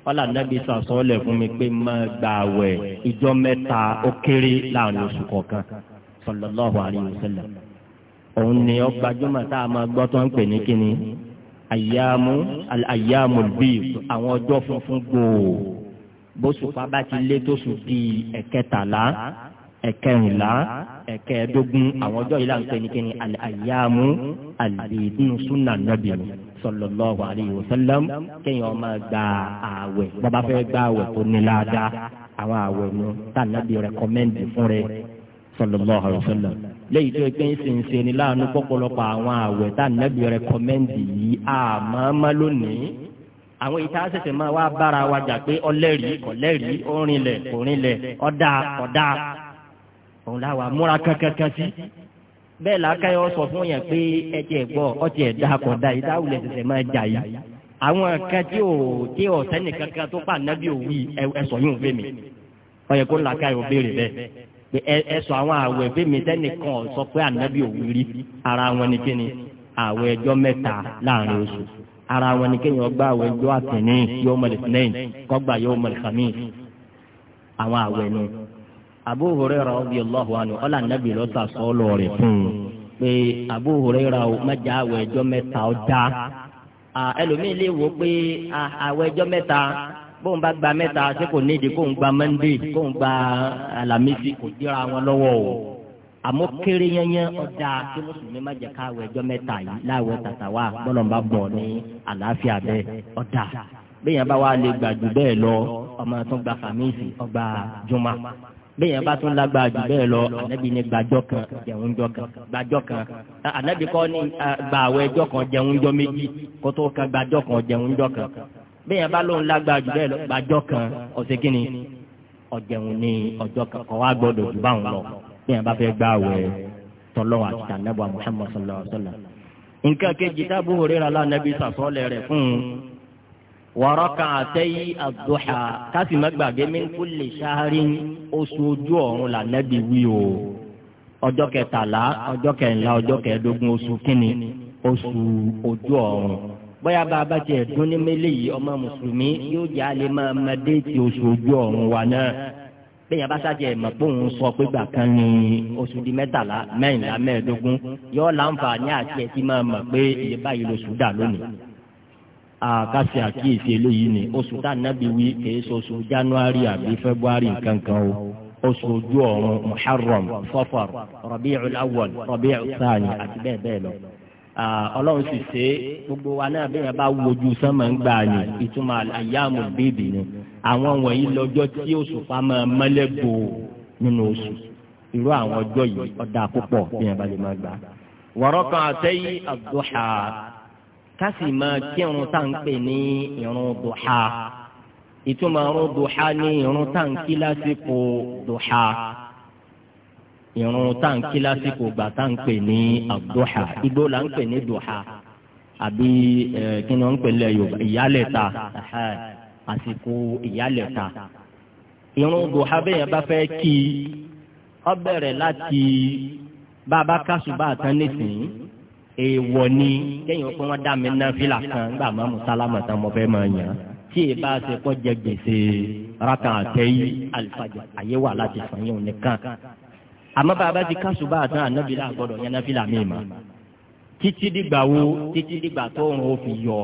A: wọ́lá nàbí sàṣọ́ lẹ̀ fún mi pé máa gbà wẹ̀ ìjọ mẹ́ta ó kéré láàrin oṣù kọ̀ọ̀kan sallallahu alayhi wa sallam. òun ni ó gbajúmọ̀ tá a máa gbọ́ tó ń pè ní kíni àyàmú àyàmú bíi àwọn ọjọ́ funfun gbòò bóṣùpá bá ti lé tóṣù bíi ẹ̀kẹtàlá ẹ̀kẹrìnlá ẹ̀kẹẹ̀dógún àwọn ọjọ́ yìí láǹpẹ́ ní kíni àyàmú àlèédún súnà nàbì sallallahu alayhi wa sallam kéèyàn máa gba ààwẹ̀ bọ́ba fẹ́ gba ààwẹ̀ tó ní láadáa àwọn ààwẹ̀ nu tànàbì rẹ̀kọ́mẹ́ndì fún rẹ̀ sallallahu alayhi wa sallam léyìí tó pé ń sìn ṣe ni láàánú pọ̀pọ̀lọpọ̀ àwọn ààwẹ̀ tànàbì rẹ̀kọ́mẹ́ndì yìí àmọ́mọ́ lónìí àwọn ìta ṣẹ̀ṣẹ̀ máa wá bára wa jà pé ọlẹ́rìí kọ̀lẹ́rìí ó rinlẹ̀ kò rinlẹ̀ ọ̀dà ọ̀dà òun láwa múra kankankan sí bẹ́ẹ̀ làákàyọ̀ sọ fún yẹn pé ẹ̀jẹ̀ gbọ́ ọtí ẹ̀dá kọ̀dá ìdáwùlẹ̀ tẹ̀sẹ̀ máa jà yìí àwọn kan tí ò tí ò sẹ́ni kankan tó pa nábì òwì ẹ̀sọ̀ yóò fẹ́ mi ọ̀yẹ̀ kó làákàyọ̀ béèrè bẹ́ẹ̀ pé ẹ̀sọ̀ àwọn àwẹ̀ fẹ́ mi sẹ́ni kan sọ pé ànábì òwì rí ara wọn ni kíni àwẹ̀ ẹjọ́ mẹ́ta láàrin oṣù ara wọn ni kéèyàn gba àwẹ̀ ẹjọ́ àtẹ̀ní yóò mọ̀lẹ̀ sinẹ́yìn kọ́gbà yóò Abu Hurairah radiyallahu anhu ọ̀là nàbì lọ́sà sọ́ọ́lọ́ rẹ̀ fún un pé Abu Hurairah mẹ́jà àwẹ̀ ẹjọ́ mẹ́ta ọjà ẹlòmíín lè wò pé àwẹ̀ ẹjọ́ mẹ́ta bóun bá gba mẹ́ta ṣé kò nídìí kóun gba mọ́ndé kóun gba alamisi kò díra wọn lọ́wọ́ o àmọ́ kéré yẹnyẹn ọ̀dà tí mùsùlùmí má jẹ́ káwọ ẹjọ́ mẹ́ta yìí láwọ̀ tàtà wà bọ́lọ̀ bá bọ̀ ní àlàáfíà bẹ́ẹ̀ ọ̀dà bẹ́ẹ̀ yẹn bá wà lè gbàdú bẹ́ẹ̀ lọ ọmọ tó gba kàmíìsì ọgbà jùmọ̀ bẹ́ẹ̀ yẹn bá tún lágbára jù bẹ́ẹ̀ lọ ànábì ní gbàjọ́ kan jẹun jọ kan gbàjọ́ kan ànábì kọ́ ní gba àwọn ẹjọ́ kan jẹun jọ méjì kó tó kan gbàjọ́ kan jẹun jọ kan bẹ́ẹ̀ yẹn bá lóun lágbára jù bẹ́ẹ̀ lọ gbàjọ́ kan ọ̀sẹ̀ kínní ọ̀jẹun ní ọjọ́ kan kọ́ wá gbọ́dọ̀ jù báwọn lọ bẹ́ẹ̀ bá fẹ́ gbá àwẹ̀ tọ́lọ́wọ́ àti tànẹ́bù Muhammad nǹkan kejì tábù wàrọ́kà àtẹ́yí àdùhà káfí má gbàgbé min kulli shahrin oṣù ojú ọ̀run là nẹ́bi wí o ọjọ́ kẹtàlá ọjọ́ kẹrìnlá ọjọ́ kẹẹ̀ẹ́dógún oṣù kínní oṣù ojú ọ̀run bóyá bàbá tiẹ̀ dún ní mélé yìí ọmọ mùsùlùmí yóò jẹ́ alẹ́ máa ma déètì oṣù ojú ọ̀run wa náà bẹ́ẹ̀ bá sájẹ́ mọ̀ pé òun sọ pé gbà kan ní oṣù di mẹ́tàlá mẹ́rìnlá mẹ́ẹ̀ẹ́dógún yóò àkàṣe àkíyèsí eléyìí ni oṣù tá nàbí wí kìí ṣe oṣù january àbí february kankan o oṣù ojú ọ̀run muharram safar rabi'ul awwal rabi'ul thani àti bẹ́ẹ̀ bẹ́ẹ̀ lọ. ọlọ́run sì ṣe gbogbo wa náà bí yẹn bá wojú sánmà ń gbà ní ìtumọ̀ àyàmù bíbí ni àwọn wọ̀nyí lọ́jọ́ tí oṣù fa máa nínú oṣù irú àwọn ọjọ́ yìí ọ̀dà púpọ̀ bí yẹn bá lè máa gbà. wọ̀rọ̀ kan àtẹ́yí àdúhà ká sì máa kírun tá à ń pè ní irun duha ìtumọ̀ irun duha ní irun tá à ń kí lásìkò duha irun tá à kí lásìkò gbà tá à pè ní abduha igbó là ń pè ní duha àbí kí ni wọ́n pè lẹ́ yorùbá ìyálẹ̀ta àsìkò ìyálẹ̀ta irun duha bẹ́yẹn bá fẹ́ kí ọ bẹ̀rẹ̀ láti bàbá kásùbà tán nísìnyí èèwọ̀ ni kéèyàn pé wọ́n dá mi ná fílà kan nígbà máa mú sálámà tán mo fẹ́ máa yàn tí èyí bá ṣe kọ́ jẹ gbèsè rákà àtẹ́yí àlùfáàjà àyè wà láti fún yín nìkan àmọ́ bàbá ti kásùbà àtàn ànábìlà gbọ́dọ̀ yẹn náfìlà mi mà títí dìgbà wo títí dìgbà tó ń fi yọ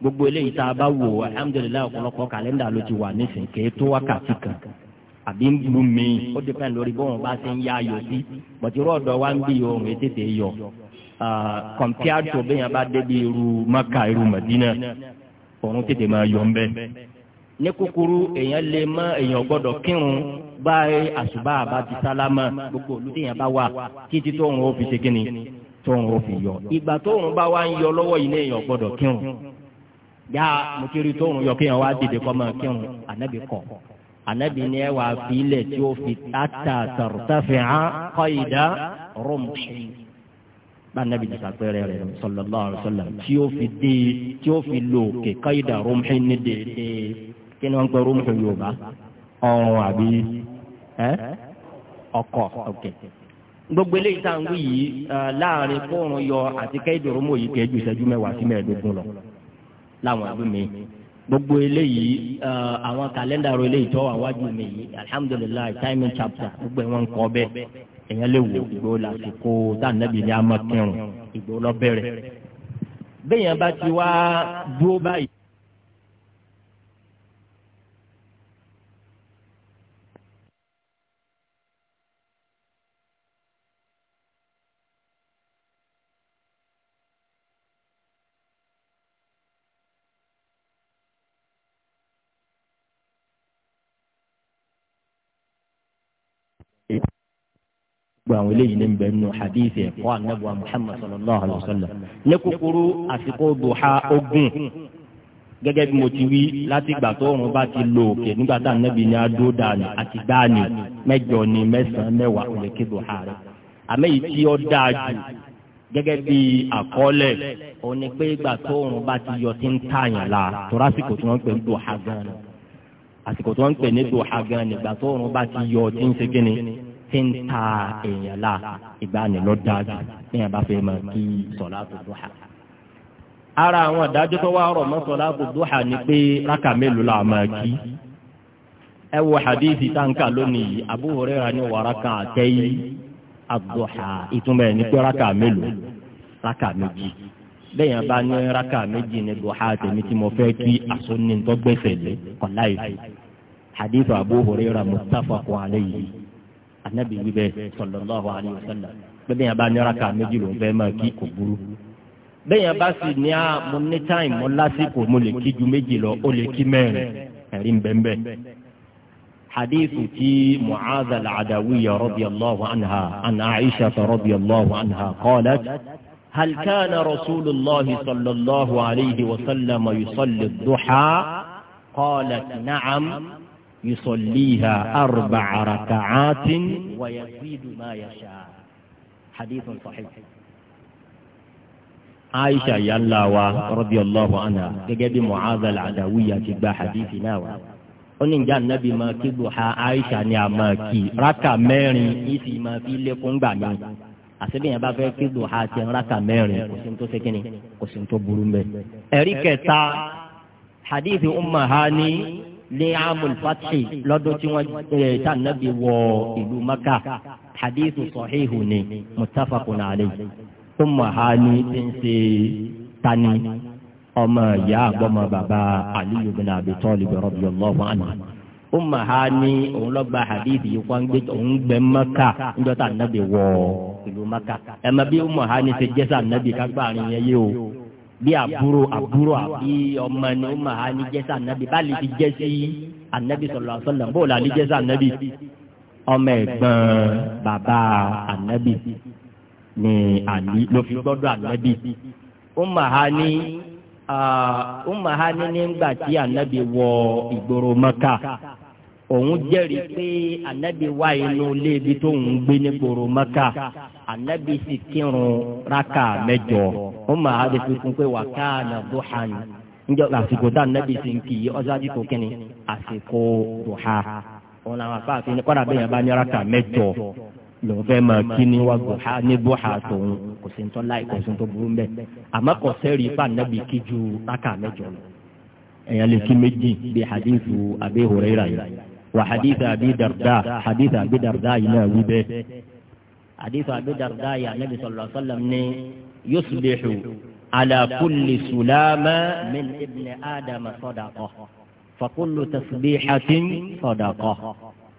A: gbogbo eléyìí tá a bá wò alhamdulilayi ọ̀pọ̀lọpọ̀ kàlẹ́ndà ló ti wà nísìn kéé tó wákàtí kan àbí ń lu mi ó depend lórí bóun bá ṣe ń yá ayò sí bọ̀tí rọ́ọ̀dọ̀ wa ń bí òun ètètè yọ kọ̀mpiátò ah, bẹ́ẹ̀ yẹn bá débi irú maka irú madina òun tètè máa yọ ń bẹ́. ní kúkúrú èèyàn lè mọ èèyàn gbọ́dọ̀ kírun báyìí àṣùbà àbá ti sálámà gbogbo olùdíyàn bá wà títí tó òun ó fi ṣe kíni tó òun ó fi yọ. ìgbà tó bá wá ń yọ lọ́wọ́ yìí ní èèyàn gbọ́dọ̀ kírun. yá mo kiri tó òun yọ kéèyàn wá dìde kọ́ máa kírun ànábì kọ̀ ànábì ni ẹ wàá fi ilẹ̀ tí ó fi tàtà tàrútàfẹ́ hàn kọ́ ìdá rọ́ọ̀mù bá nàbì jìkà pẹ́rẹ́ rẹ̀ sallallahu alaihi wasallam tí ó fi dé tí ó fi lò kéka ìdá rumhi ní dédé kí ni wọ́n pẹ́ rumhi yorùbá ọrùn àbí ọkọ̀ ọ̀kẹ́ gbogbo eléyìí tá à ń wí yìí láàrin kóòrùn yọ àti kẹ́hìndé rómò yìí kẹ́jú ìṣẹ́jú mẹ́wàá sí mẹ́ẹ̀ẹ́dógún lọ láwọn ìlú mi gbogbo eléyìí àwọn kàlẹ́ndà ro eléyìí tó wà mi yìí alhamdulilayi timing chapter gbogbo ẹ̀ wọ́n ń kọ́ bẹ́ẹ̀ èèyàn lè wò ìgbò lásìkò tànàbì ní amákẹ́rùn ìgbò lọ́bẹ̀rẹ̀ bẹ́ẹ̀ yẹn bá ti wá dúró báyìí. gba àwọn eléyìí ní bẹ nù hadithi ẹ̀kọ́ anabuwa muhammad sallallahu alayhi wa sallam ní kúkúrú àsìkò duha ogun gẹ́gẹ́ bí mo ti wí láti ìgbà tó òun bá ti lo òkè nígbà tá ànábì ní adó dànù àti dànù mẹ́jọ ní mẹ́sàn-án mẹ́wàá òun duha rẹ̀ àmẹ́yìí tí ó dáa jù gẹ́gẹ́ bí àkọọ́lẹ̀ òun ni pé ìgbà tó òun bá ti yọ ti ń tààyàn la torásìkò tí wọ́n pè ń duha gan-an àsìkò tí wọ́n pè ní duha gan-an nígbà tó òun bá ti yọ ti ń segin ni. tí ń ta èèyàn la ìgbàanilọ́dájú ní àbáfẹ́ mọ̀ kí ara àwọn àdájọ́ tó wá rọ̀ mọ́ ni pé rákà mélòó la máa kí. ẹ hadithi lónìí Abu Hurairah ní wà rákà àtẹ́yí àdúhà ìtumọ̀ ẹ̀ ní pé rákà mélòó rákà méjì. bẹ́ẹ̀ yẹn bá ní rákà méjì ní dúhà tèmi tí mo fẹ́ anabi wí bẹ́ẹ̀ sallallahu alayhi wa sallam bẹ́ẹ̀ yẹn bá ní raka méjì ló ń fẹ́ máa kí kò burú bẹ́ẹ̀ yẹn bá sì ní a mo ní táìmù mo lásìkò mo lè kí ju méjì lọ ó lè kí mẹ́rin ẹ̀rí ń hadithu ti mu'adha al-adawiyya anha an aisha radiyallahu anha qalat هل كان رسول الله صلى الله عليه وسلم يصلي الضحى قالت نعم يصليها أربع ركعات ويزيد ما يشاء حديث صحيح عائشة يلا رضي الله عنها جدي معاذ العدوية تبع حديثنا و oníjà nàbì máa kí duha aisha ni a máa kí raka mẹ́rin ìsì máa fi lékún gbà mí àṣebíyàn bá fẹ́ kí duha tiẹ̀ raka mẹ́rin kò sí ní tó ṣe kínní kò sí ní tó burú mbẹ. ẹ̀rí kẹta hadithi umma hani ní amul fati lọ́dún tí wọ́n ẹ̀ tá nàbí wọ ìlú maka hadithu sahihu ni muttafaqun alayhi ummu hani ti ń ṣe tani ọmọ ìyá àgbọmọ bàbá aliyu bin abi talib radiyallahu anhu ummu hani òun lọ gba hadithu yìí wọn gbé òun gbẹ maka níjọ tá wọ ìlú maka ẹ ma bí ummu hani ṣe jẹ́ sá nàbí yẹn yé o bí àbúrò àbúrò àbí ọmọ ni ó mà á ní jẹ́sà ànábì bá lè fi jẹ́ sí ànábì sọ̀rọ̀ àṣọlẹ̀ bó la lè jẹ́sà ànábì ọmọ ẹ̀gbọ́n bàbá ànábì ni àlí ló fi gbọ́dọ̀ ànábì ó mà á ní ó mà á ní nígbà tí ànábì wọ ìgboro mọ́kà. òun jẹ́rìí pé anabi wá inú ilé ibi tó ń gbé ní gbòòrò raka ó mà á lè fi kún na duhan njẹ́ àsìkò tá anabi sì ń kì í ọjọ́ àdìkò kínní àsìkò duha òun làwọn afáàfin ní kọ́dà bẹ́ẹ̀ yẹn bá ní raka mẹ́jọ
B: lòun fẹ́ máa kí duha ní duha tòun
A: kò sí láì kò sí burú mbẹ́ àmọ́ kò sẹ́rì ipá anabi kí ju raka lọ lè kí méjì bí hadithu وحديث أبي درداء حديث أبي درداء ما وبه حديث أبي درداء يا النبي صلى الله عليه وسلم يصبح على كل سلامة من ابن آدم صدقة فكل تسبيحة صدقة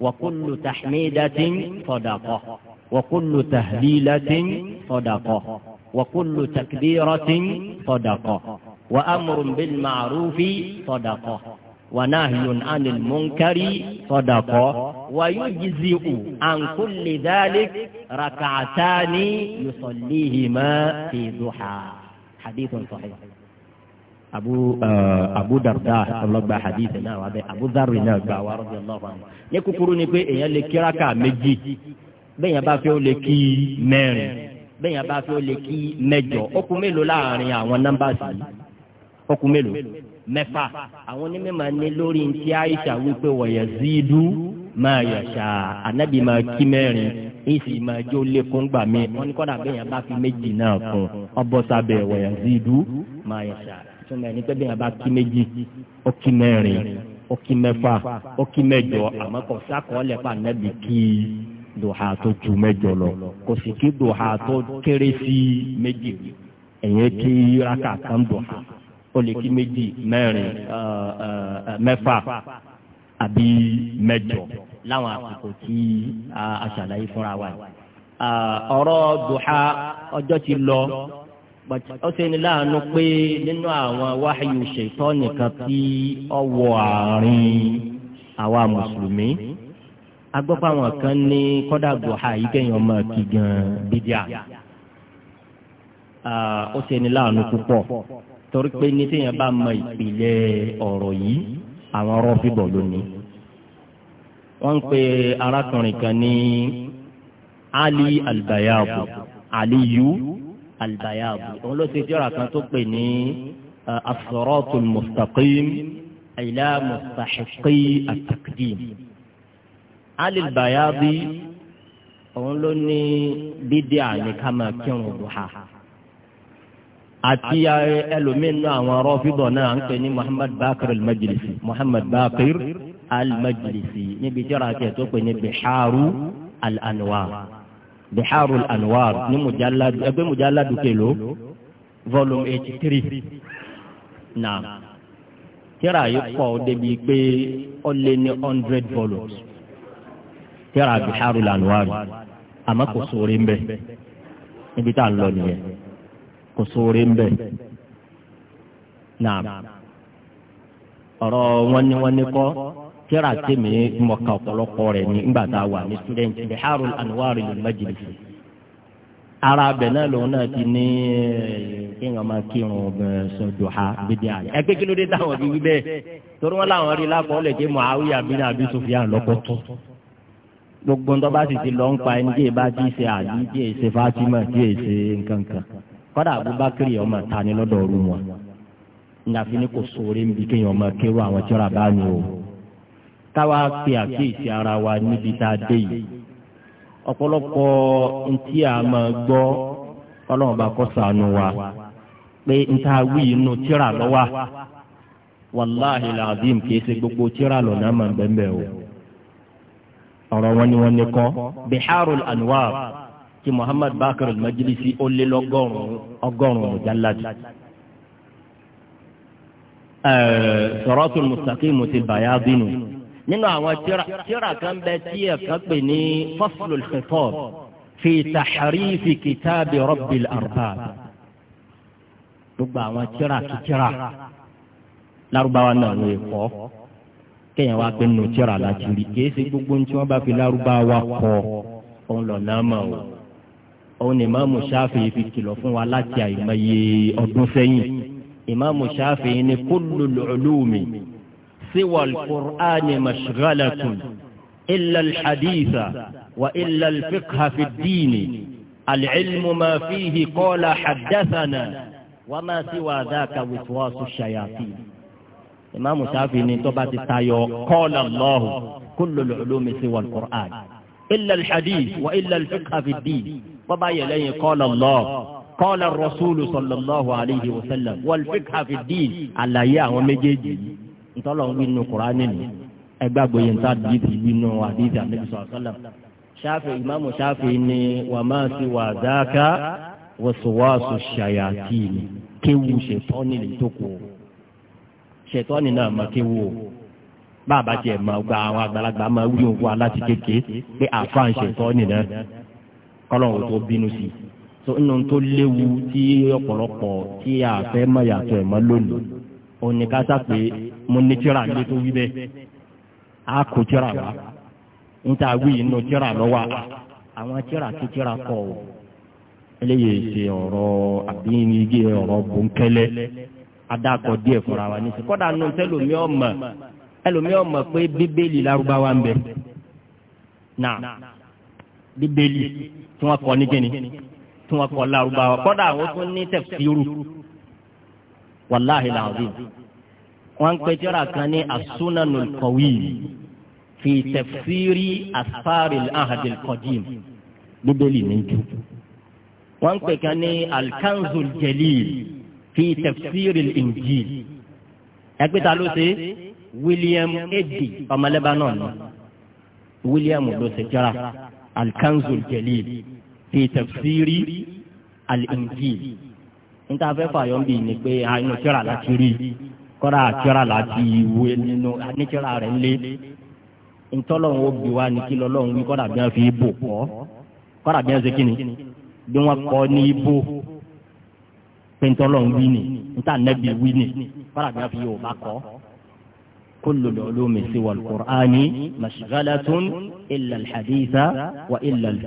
A: وكل تحميدة صدقة وكل تهليلة صدقة وكل تكبيرة صدقة وأمر بالمعروف صدقة ونهي عن المنكر صدقة ويجزئ عن كل ذلك ركعتان يصليهما في ضحى حديث صحيح abu uh, abu darda ọlọgba hadith náà wà bẹ abu darri náà gba wa rọbì ọlọgba wọn. ní kúkúrú ni pé èèyàn lè kíraka méjì bẹ́ẹ̀ yẹn bá fẹ́ ó lè kí mẹ́rin bẹ́ẹ̀ yẹn bá fẹ́ ó lè kí mẹ́jọ ó kú mélòó láàrin àwọn ọkùn mélòó mẹ́fà àwọn onímọ̀ ní lórí ntí Aisha wípé wọ̀yẹ̀ zídú máa yọ̀ṣà ànábì máa kí mẹ́rin èsì máa jó lékún gbà mí wọ́n ní kọ́dà bẹ́ẹ̀ yẹn bá fi méjì náà kún ọbọ̀ sábẹ̀ wọ̀yẹ̀ zídú máa yọ̀ṣà túnbẹ̀ ní pé bẹ́ẹ̀ yẹn bá kí méjì ó kí mẹ́rin ó kí mẹ́fà ó kí mẹ́jọ àmọ́ kò sákọ̀ọ́lẹ̀ pa ànábì kí dùhà tó ju mẹ́jọ lọ kò sì kí dùhà tó kéré sí méjì ẹ̀yẹ kí rákà kan dùhà o lè kí méjì mẹ́rin mẹ́fà àbí mẹ́jọ láwọn àsìkò tí a ṣàlàyé fúnra wa yìí. ọ̀rọ̀ duha ọjọ́ ti lọ ó ṣe ní láàánú pé nínú àwọn wáhíù ṣètọ́ nìkan tí ó wọ àárín àwa mùsùlùmí agbọ́pọ̀ àwọn kan ní kọ́dà duha yìí kẹ́yìn ọmọ kì gan bídíà ó ṣe ní láàánú púpọ̀ torí pé ní téèyàn bá mọ ìpìlẹ̀ ọ̀rọ̀ yìí àwọn ọ̀rọ̀ fìbọ̀ lónìí. wọ́n ń pe arákùnrin kan ní ali albayabu aliyu albayabu òun ló ṣe jọ́ra kan tó pè ní uh, as mustaqim ila mustahiqi at ali albayabu òun ló ní bídíà ní ká máa kírun duha àti ẹlòmínú àwọn rọ́fídọ̀ náà ń pè ní muhammad bakir al-majlisi muhammad bakir al-majlisi níbi tí ra tiẹ̀ tó pè ní biharu al-anwar biharu ní mujalladu ẹgbẹ́ mujalladu kelo volume eighty three na tíra yìí pọ̀ débi pé ó lé ní hundred volumes tíra biharu al-anwar
B: àmọ́ kò sóore ń bẹ
A: níbi tá à ń lọ nìyẹn. kò sóore ń bẹ̀. ọ̀rọ̀ wọn ni wọn ni kọ́ tíra tèmi ọ̀pọ̀lọpọ̀ rẹ̀ ní a wà ní student Biharul Anwar al-Majlisi. Ara abẹ̀ náà lòun náà ti ní eh, kéèyàn máa kírun sọ̀dùhà bídí àlẹ́. Ẹ pé kí ló dé táwọn bí wí bẹ́ẹ̀? Torí wọn rí tó Fatima díẹ̀ ṣe nǹkan kọ́dà abubakar yẹn ọmọ ta ni lọ́dọ̀ ọ̀run wọn nàfi ni kò sóore ń bi kéèyàn ọmọ kéwù àwọn tíra bá ní o táwa pe àkíyèsí ara wa níbi tá a dé yìí ọ̀pọ̀lọpọ̀ ntí a máa gbọ́ ọlọ́run bá kọ́ sànù wa pé nta wí inú tíra lọ́wọ́ wàláhì làdìm kìí gbogbo tíra lọ́nà máa bẹ́ẹ̀ bẹ́ẹ̀ o ọ̀rọ̀ wọn ni wọ́n ní kọ́ biharul anwar. tí Muhammad Bakr al-Majlisi ó lé lọ́gọ́rùn-ún ọgọ́rùn-ún mujalladi. Siratul Mustaqim ti Bayadi nù. nínú àwọn tíra kan bẹ tí ẹ̀ kan pè ní Faslul Khitab fi tahrifi kitabi Rabbil Arbab. gbogbo àwọn tíra kìtíra lárúbáwá náà ló kọ́
B: kéèyàn wá pé nù tíra láti rí
A: kí gbogbo ní tí bá fi lárúbáwá kọ́ òun lọ náà mọ̀ o òun ni ìmáàmù ṣáfì fi kìlọ̀ fún wa láti àìmọye ọdún sẹ́yìn ìmáàmù ṣáfì ní kullu al-ulumi siwa al-Qur'ani mashghalatun illa al-haditha wa illa al-fiqha fi ad-din al-ilmu ma fihi qala haddathana wa ma siwa dhaka wiswasu shayatin ìmáàmù ṣáfì ní tó bá ti tayọ qala Allahu kullu al siwa al illa al wa illa al fi ad bọ́bá yẹ lẹ́yìn qala Allah qala rasúlù sallallahu alayhi wa sallam wal fiqha fi ddin àlàyé àwọn méjèèjì ntọ́lọ̀ ń wínú kuraani nù ẹgbẹ́ àgbòye ntá dìbì wínú àdìsí ànábì sallam ṣáfì ìmáàmù ṣáfì ni wà máa fi wà dáká wọ́sowọ́sọ ṣàyàtì ni kéwu ṣètọ́ni lè tó kù ṣètọ́ni náà máa kéwu kọ́lọ́hún tó bínú sí i tó inú tó léwu tí ọ̀pọ̀lọpọ̀ tí a fẹ́ mọ̀ yàtọ̀ ẹ̀ lónìí òní ká pé mo ní tíra ní tó wí bẹ́ẹ̀ á kó tíra wá níta wí inú tíra lọ́wọ́ àwọn tíra tó tíra kọ̀ ọ́ eléyìí ṣe ọ̀rọ̀ àbí igi ọ̀rọ̀ bòńkẹ́lẹ́ adakọ̀ wa ní kọ́dà nù tẹ́lómi ẹlòmí pé bíbélì lárúbáwá bíbélì tí wọ́n kọ́ ní gíní tí wọ́n kọ́ lárúbáwá kọ́dà àwọn tó ní tẹ̀síìrù wàláhì làwọn
B: wọ́n ń pè tírà kan ní asúnanul qawiy fi tẹ̀síìrì asfaril ahadil qadim
A: bíbélì ní jù wọ́n ń pè kan ní alkanzul jalil fi tẹ̀síìrì injil ẹgbẹ́ ló ṣe William Eddy ọmọ Lebanon William ló ṣe tírà alkanzul jalil fi tafsiri al-injil níta fẹ́ fàyọ̀ ń bì ní pé àyìn tíra láti rí kọ́ra tíra láti wé nínú ànítíra rẹ̀ lé ntọ́lọ́hún ó bì wá ní kí lọ́lọ́hún wí kọ́ra bí wọ́n fi bò kọ́ kọ́ra bí wọ́n ṣe kíni bí wọ́n kọ́ ní ibò pé ntọ́lọ́hún ni níta nẹ́bi wí ni kọ́ra bí fi yóò bá kọ́. كل العلوم سوى القرآن مشغلة إلا الحديث وإلا الفقه